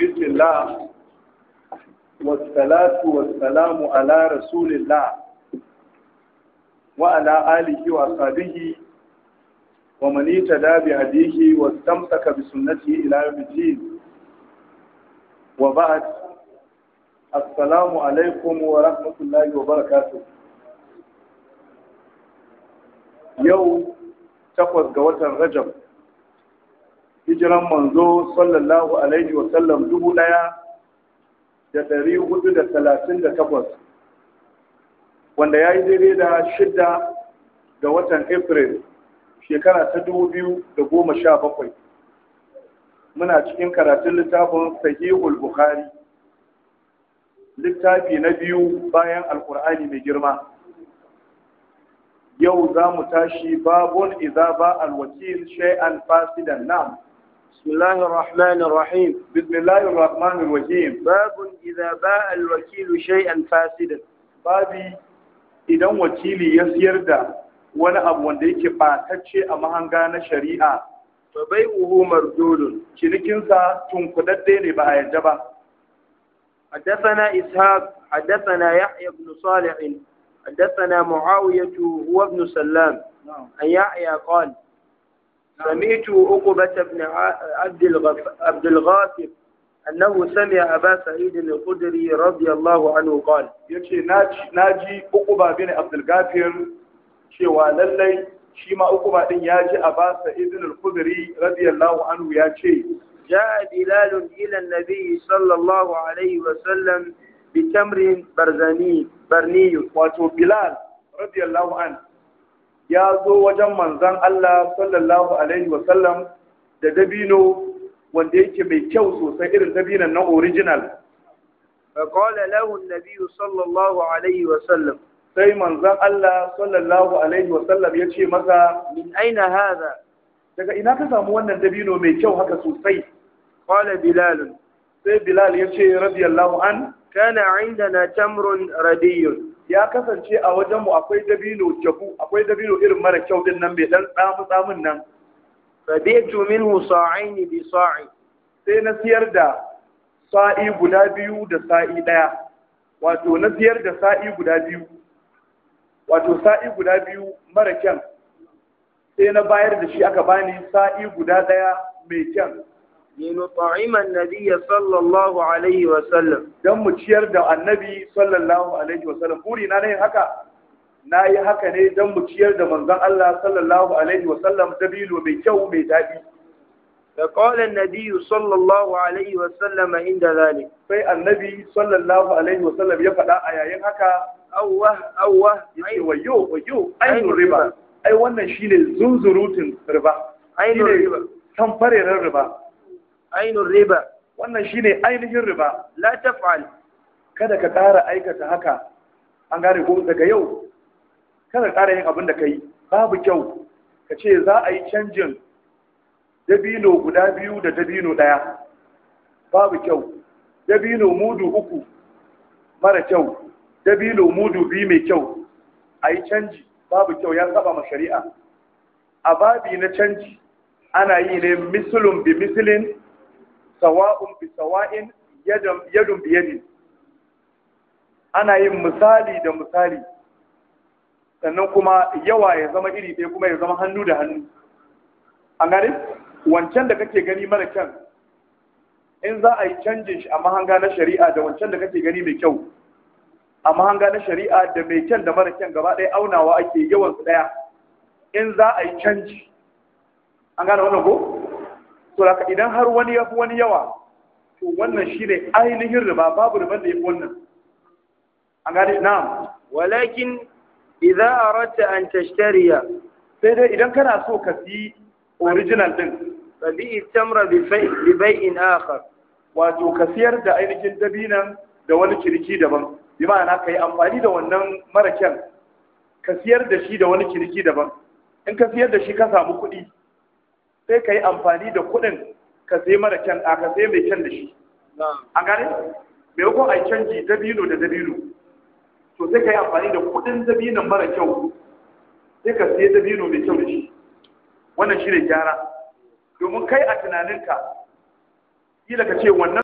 بسم الله والصلاة والسلام على رسول الله وعلى آله وأصحابه ومن اهتدى بهديه واستمسك بسنته إلى يوم الدين وبعد السلام عليكم ورحمة الله وبركاته يوم تقوى وتر رجب hijiran manzo sallallahu alaihi wa sallam dubu ɗaya da dari hudu da talatin da takwas wanda ya yi daidai da shidda ga watan april shekara ta dubu biyu da goma sha bakwai muna cikin karatun littafin sahihul bukhari littafi na biyu bayan alkur'ani mai girma yau za mu tashi babun iza ba alwakil shay'an fasidan nam بسم الله الرحمن الرحيم بسم الله الرحمن الرحيم باب إذا باع الوكيل شيئا فاسدا babi idan wakili ya siyar da wani abu wanda yake batacce a mahanga na shari'a fa bai uhu mardudun cinikinsa tunkudadde ne ba a yadda ba حدثنا إسحاق حدثنا يحيى بن صالح حدثنا معاوية هو ابن سلام عن يحيى قال سمعت عقبة بن عبد الغافر أنه سمع أبا سعيد الخدري رضي الله عنه قال يكشي ناجي عقبة بن عبد الغافر cewa lallai shi ma uku din ya ji a basa izin al-kudri radiyallahu anhu ya ce ja'a bilal ila nabi sallallahu alaihi wa sallam bi tamrin barzani wato bilal radiyallahu ya zo wajen manzan Allah sallallahu alaihi wasallam da dabino wanda yake mai kyau sosai irin dabinan na original فقال له النبي صلى الله عليه sai manzan Allah sallallahu alaihi wasallam ya ce masa min aina hada daga ina ka samu wannan dabino mai kyau haka sosai Kwale bilal sai bilal ya ce radiyallahu an kana indana tamrun radiyun ya kasance a wajenmu akwai dabino jabu akwai dabino irin mara kyau din nan mai dan tsamu tsamun nan rabitu minhu sa'aini bi sa'i sai na siyar da sa'i guda biyu da sa'i daya wato na siyar da sa'i guda biyu wato sa'i guda biyu mara kyan sai na bayar da shi aka bani sa'i guda daya mai kyan لنطعم النبي صلى الله عليه وسلم da annabi sallallahu alaihi na ne haka nayi haka ne dan mu ciyar da manzan Allah sallallahu alaihi wasallam dabilo mai kyau mai dadi da qala annabi sallallahu alaihi sai annabi sallallahu ya faɗa a yayin haka awwa awwa yace wayo wannan shine zunzurutun riba ainu fareren riba ainun riba wannan shine ainihin riba la taf'al kada ka ƙara aikata haka an gane ko daga yau kada ƙara yin abin da ka yi babu kyau ka ce za a yi canjin dabino guda biyu da dabino ɗaya babu kyau dabino mudu uku mara kyau dabino mudu biyu mai kyau a yi canji babu kyau ya saba ma shari'a a babi na canji ana yi ne misulun bi misulin sawa'un bi sawa'in yadun bi yadin ana yin misali da misali sannan kuma yawa ya zama iri ɗaya kuma ya zama hannu da hannu an gane wancan da kake gani mara kyan in za a yi canjin shi a mahanga na shari'a da wancan da kake gani mai kyau a mahanga na shari'a da mai kyan da mara kyan gaba ɗaya aunawa ake yawan su ɗaya in za a yi canji an gane wannan ko to haka idan har wani ya fi wani yawa to wannan shi ne ainihin riba babu riban da ya fi wannan an gane na'am walakin idan aratta an tashtariya sai dai idan kana so ka fi original din tabi'i tamra bi bai'in akhar wato ka siyar da ainihin dabinan da wani ciniki daban bi ma'ana ka yi amfani da wannan mara kyan ka siyar da shi da wani ciniki daban in ka siyar da shi ka samu kuɗi sai ka yi amfani da kuɗin ka sai mara kyan a ka sai mai kyan da shi an gane mai a yi canji dabino da dabino to sai ka yi amfani da kuɗin dabinon mara kyau sai ka sai dabino mai kyau da shi wannan shi ne gyara domin kai a tunaninka kila ka ce wannan